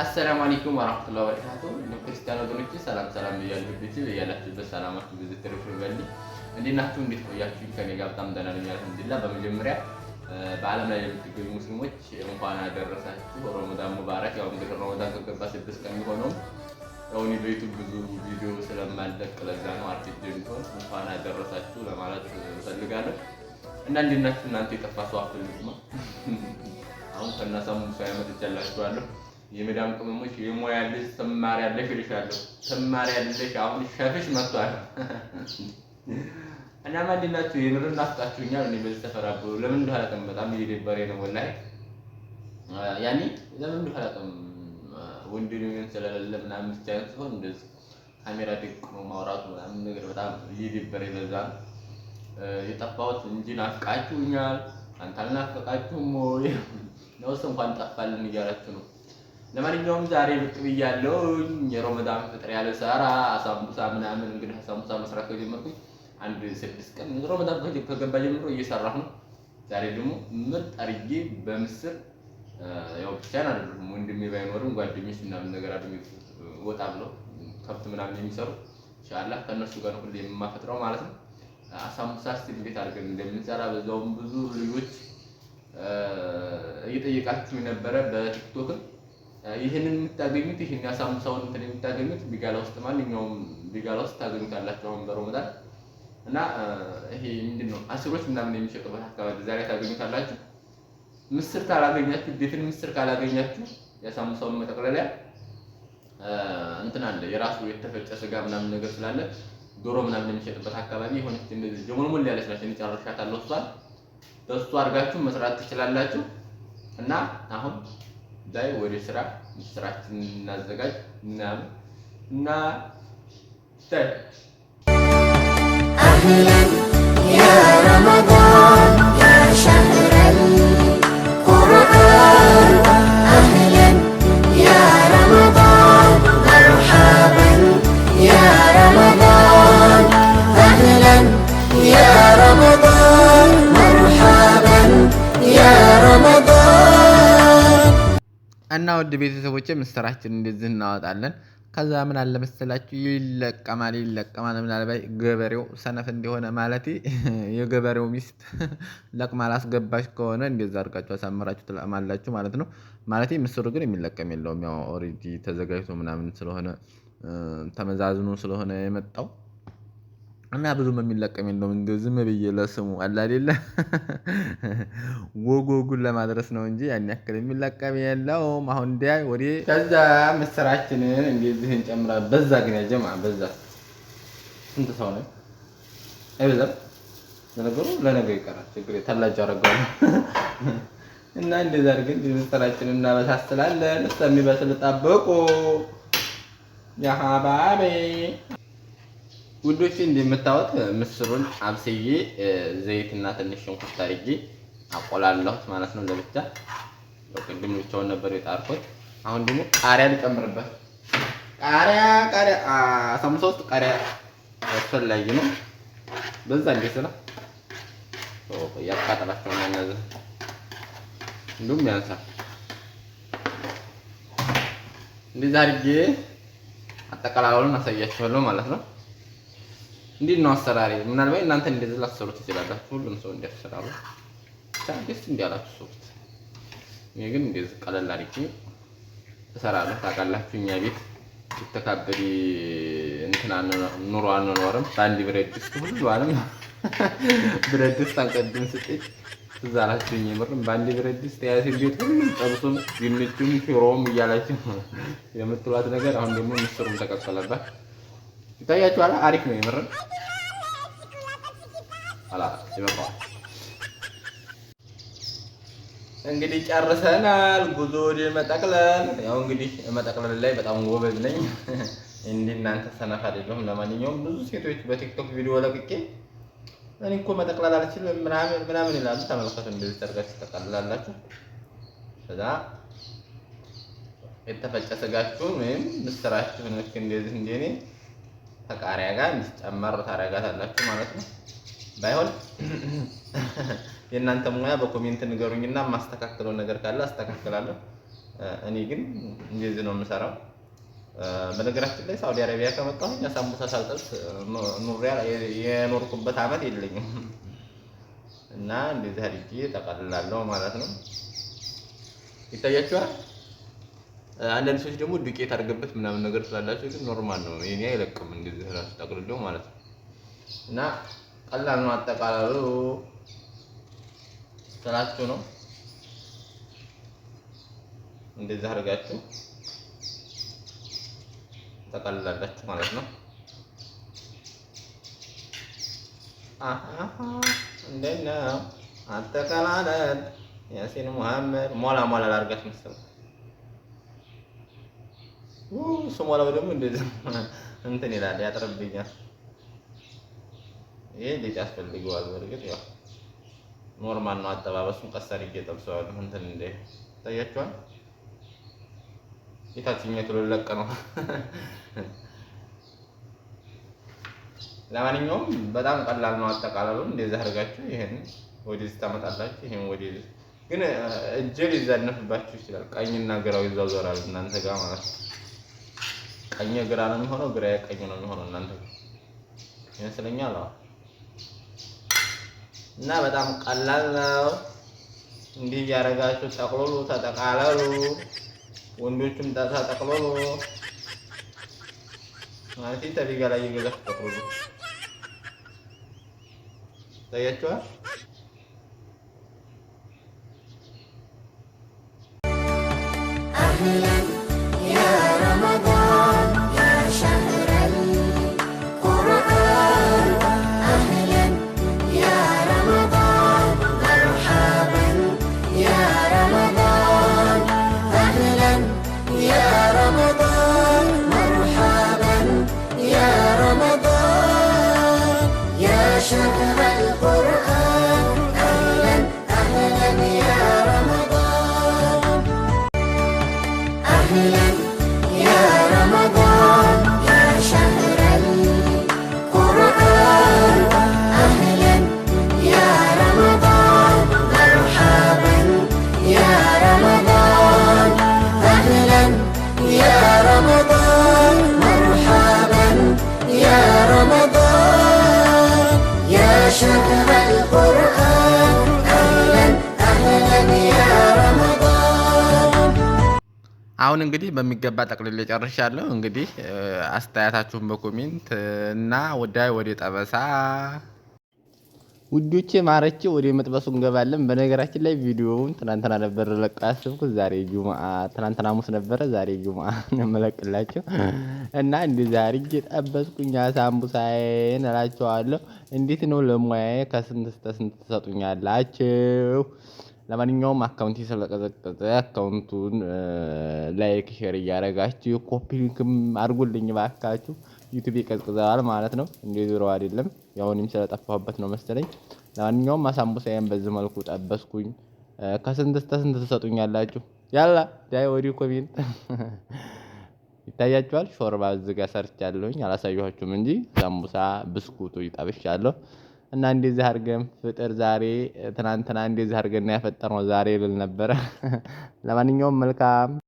አሰላሙ አለይኩም ወራህመቱላሂ ወበረካቱ። ክርስቲያን ወገኖቼ ሰላም ሰላም ብያለሁ። ቤተሰብ እያላችሁበት ሰላማችሁ ብዙ ትርፍ ይበል። እንዴት ናችሁ? እንዴት ቆያችሁ? ከኔ ጋር በጣም ደህና ነኝ አልሐምዱሊላህ። በመጀመሪያ በዓለም ላይ የምትገኙ ሙስሊሞች እንኳን አደረሳችሁ ረመዳን ሙባረክ። ያው እንግዲህ ረመዳን ከገባ ስድስት ቀን ሆነው ያው እኔ በዩቱብ ብዙ ቪዲዮ ስለማልደቅ ለዛ ነው አርቲስት እንዲሆን እንኳን አደረሳችሁ ለማለት እፈልጋለሁ እና እንዴት ናችሁ እናንተ? የጠፋ ሰው አትልቁማ። አሁን ከእናሳሙ ሰው ያመጥቻላችኋለሁ የመዳም ቅመሞች የሙያ ልጅ ትማሪያለሽ እልሻለሁ። ትማሪያለሽ አሁን ሸፍሽ መጥቷል እና ማንድናችሁ የምር እናፍቃችሁኛል። እኔ በዚህ ተፈራብ ለምን እንደሆነ አላውቅም። በጣም እየደበሬ ነው ወላሂ። ያኔ ለምን እንደሆነ አላውቅም። ወንድ ስለሌለ ምናምን ብቻ ሲሆን እንደዚህ ካሜራ ደቅኖ ማውራቱ ምናምን ነገር በጣም እየደበሬ በዛ የጠፋሁት እንጂ ናፍቃችሁኛል። አንተ አልናፈቃችሁም ወይ ነውስ እንኳን ጠፋልን እያላችሁ ነው ለማንኛውም ዛሬ ብቅ ብያለሁኝ። የሮመዳን ፍጥር ያለ ሰራ አሳምቡሳ ምናምን እንግዲህ አሳምቡሳ መስራት ከጀመርኩኝ አንድ ስድስት ቀን ሮመዳን ከገባ ጀምሮ እየሰራሁ ነው። ዛሬ ደግሞ ምርጥ አድርጌ በምስር ያው ብቻዬን አይደለሁም፣ ወንድሜ ባይኖርም ጓደኞች ምናምን ነገር አድሜ ወጣ ብለው ከብት ምናምን የሚሰሩ ኢንሻአላህ ከእነሱ ጋር ሁሌ የማፈጥረው ማለት ነው። አሳምቡሳ እስኪ እንዴት አድርገን እንደምንሰራ በዛውም ብዙ ልጆች እየጠየቃችሁ የነበረ በቲክቶክም ይህንን የምታገኙት ይህን ያሳምሳውን እንትን የምታገኙት ቢጋላ ውስጥ ማንኛውም ቢጋላ ውስጥ ታገኙታላችሁ። አሁን በሮመዳን እና ይሄ ምንድን ነው አስሮች ምናምን የሚሸጡበት አካባቢ ዛሬ ታገኙታላችሁ። ምስር ካላገኛችሁ ዴትን ምስር ካላገኛችሁ ያሳምሳውን መጠቅለያ እንትን አለ የራሱ የተፈጨ ስጋ ምናምን ነገር ስላለ ዶሮ ምናምን የሚሸጥበት አካባቢ የሆነች እንደዚህ ጀሞልሞል ያለች ናት። እኔ ጨርሻታለሁ እሷን በእሱ አድርጋችሁ መስራት ትችላላችሁ እና አሁን ላይ ወደ ስራ ስራችን እናዘጋጅ ምናምን እና أهلا يا رمضان يا شهر እና ውድ ቤተሰቦች ምስራችን እንደዚህ እናወጣለን። ከዛ ምን አለ መሰላችሁ ይለቀማል ይለቀማል። ምናልባት ገበሬው ሰነፍ እንደሆነ ማለት የገበሬው ሚስት ለቅማ ላስገባሽ ከሆነ እንደዛ አድርጋችሁ አሳምራችሁ ትለቅማላችሁ ማለት ነው። ማለት ምስሩ ግን የሚለቀም የለውም። ያው ኦልሬዲ ተዘጋጅቶ ምናምን ስለሆነ ተመዛዝኖ ስለሆነ የመጣው እና ብዙም የሚለቀም የለውም እንደው ዝም ብዬ ለስሙ አለ አይደለ ወጉ ወጉን ለማድረስ ነው እንጂ ያን ያክል የሚለቀም የለውም። አሁን እንዲያ ወደ ከዛ ምስራችንን እንደዚህ እንጨምራለን። በዛ ግን ያጀማ በዛ ስንት ሰው ነው አይበዛም? ለነገሩ ለነገ ይቀራል ችግር ታላጅ አረጋው እና እንደዛ አድርገን ምስራችንን እናበሳስላለን። እስከሚበስል ጠብቁ ያ ውዶች እንደምታዩት ምስሩን አብስዬ ዘይትና ትንሽ ሽንኩርት አድርጌ አቆላለሁት ማለት ነው። ለብቻ ቅድም ብቻውን ነበር የጣርኩት። አሁን ደግሞ ቃሪያ ልጨምርበት። ቃሪያ ቃሪያ አሳምሶ ውስጥ ቃሪያ አስፈላጊ ነው። በዛ እንደ ስላ ያቃጠላቸው ነው እነዚህ እንዲሁም ያንሳል። እንደዛ አድርጌ አጠቃላሉን አሳያችኋለሁ ማለት ነው። እንዴት ነው አሰራሪ? ምናልባት እናንተ እንደዚህ ላሰሩት ትችላላችሁ። ሁሉም ሰው እንዲያሰራሩ ታዲስ እንዲያላችሁ ሶፍት። እኔ ግን እንደዚህ ቀለል አድርጌ እሰራለሁ። ታውቃላችሁ እኛ ቤት ይተካበል እንትና ኑሮ አንኖርም። በአንድ ብረት ድስት ሁሉ አለም ብረት ድስት አንቀድም ስጤት እዛ አላችሁ የምርም በአንድ ብረት ድስት የያሴን ቤት ሁሉም ጠብሱም፣ ድንቹም፣ ሽሮውም እያላችሁ የምትሏት ነገር አሁን ደግሞ ምስሩም ተቀቀለባት። ይታያችኋል። አሪፍ ነው የምር እንግዲህ ጨርሰናል። ጉዞ ወደ መጠቅለል። ያው እንግዲህ መጠቅለል ላይ በጣም ጎበዝ ነኝ። እንዲህ እናንተ ሰነፍ አይደለሁም። ለማንኛውም ብዙ ሴቶች በቲክቶክ ቪዲዮ ለቅቄ እኔ እኮ መጠቅለል አልችልም ምናምን ምናምን ይላሉ። ተመልከቱ፣ እንደዚህ ጠርጋችሁ ተጠቀልላላችሁ። ከዛ የተፈጨ ስጋችሁን ወይም ምስራችሁን እንደዚህ እንደኔ ከቃሪያ ጋር እንዲጨመር ታደርጋታላችሁ ማለት ነው። ባይሆን የእናንተ ሙያ በኮሜንት ንገሩኝና የማስተካክለው ነገር ካለ አስተካክላለሁ። እኔ ግን እንደዚህ ነው የምሰራው። በነገራችን ላይ ሳውዲ አረቢያ ከመጣሁኝ ሳምቡሳ ሳልጠብስ ኑሪያ የኖርኩበት አመት የለኝም እና እንደዚህ አድርጌ ጠቀልላለሁ ማለት ነው። ይታያችኋል። አንዳንድ ሰዎች ደግሞ ዱቄት አድርገበት ምናምን ነገር ስላላቸው ግን ኖርማል ነው። እኔ አይለቅም እንደዚህ ራሱ ጠቅልሎ ማለት ነው። እና ቀላል ነው አጠቃላሉ ስላችሁ ነው። እንደዚህ አድርጋችሁ ጠቀልላላችሁ ማለት ነው። እንደ ነው አጠቃላላት ያሲን መሐመድ ሞላ ሞላ ላርጋት መሰለኝ ስሞላው ደግሞ እንደዚህ እንትን ይላል፣ ያጥርብኛል። ይሄ ልጅ ያስፈልገዋል። በእርግጥ ያው ኖርማል ነው አጠባበሱን። ቀሰር አድርጌ እጠብሰዋለሁ። እንትን እንደ ታያችኋል። የታችኛው ትልለቅ ነው። ለማንኛውም በጣም ቀላል ነው አጠቃላሉ። እንደዚህ አድርጋችሁ ይሄን ወደዚህ ታመጣላችሁ። ይሄን ወደዚህ ግን እጀ ሊዛነፍባችሁ ይችላል። ቀኝና ግራው ይዟዟራል እናንተ ጋር ማለት ነው። ቀኝ ግራ ነው የሚሆነው፣ ግራ ቀኝ ነው የሚሆነው። እናንተ ይመስለኛል። እና በጣም ቀላል ነው። እንዲህ እያደረጋችሁ ጠቅልሉ፣ ተጠቃለሉ። ወንዶቹም ተጠቅልሉ ማለት ተቢጋ ላይ የገዛችሁ ጠቅልሉ። ታያችኋል። i አሁን እንግዲህ በሚገባ ጠቅልል ጨርሻለሁ። እንግዲህ አስተያየታችሁን በኮሜንት እና ወዳይ ወደ ጠበሳ ውዶቼ ማረች ወደ መጥበሱ እንገባለን። በነገራችን ላይ ቪዲዮውን ትናንትና ነበር ለቃ ያስብኩት ዛሬ ጁማ፣ ትናንትና ሙስ ነበረ ዛሬ ጁማ ነመለቅላቸው እና እንዲ ዛሬ ጠበስኩኝ ሳምቡሳዬን እላቸዋለሁ። እንዴት ነው ለሙያዬ ከስንት እስከ ስንት ትሰጡኛላችሁ? ለማንኛውም አካውንቲ ስለቀዘቀዘ አካውንቱን ላይክ ሼር እያደረጋችሁ ኮፒ ሊንክም አድርጉልኝ ባካችሁ። ዩቱብ ይቀዝቅዘዋል ማለት ነው። እንደ ድሮ አይደለም። ያሁንም ስለጠፋሁበት ነው መሰለኝ። ለማንኛውም አሳምቡሳዬን በዚህ መልኩ ጠበስኩኝ። ከስንት እስከ ስንት ትሰጡኛላችሁ? ያላ ዳይ ወዲ ኮሜንት ይታያችኋል። ሾርባ እዚህ ጋር ሰርቻለሁኝ አላሳየኋችሁም እንጂ ሳምቡሳ ብስኩቱ ይጠብሻለሁ። እና እንደዚህ አድርገን ፍጥር ዛሬ ትናንትና እንደዚህ አድርገን ነው ዛሬ ልል ነበረ። ለማንኛውም መልካም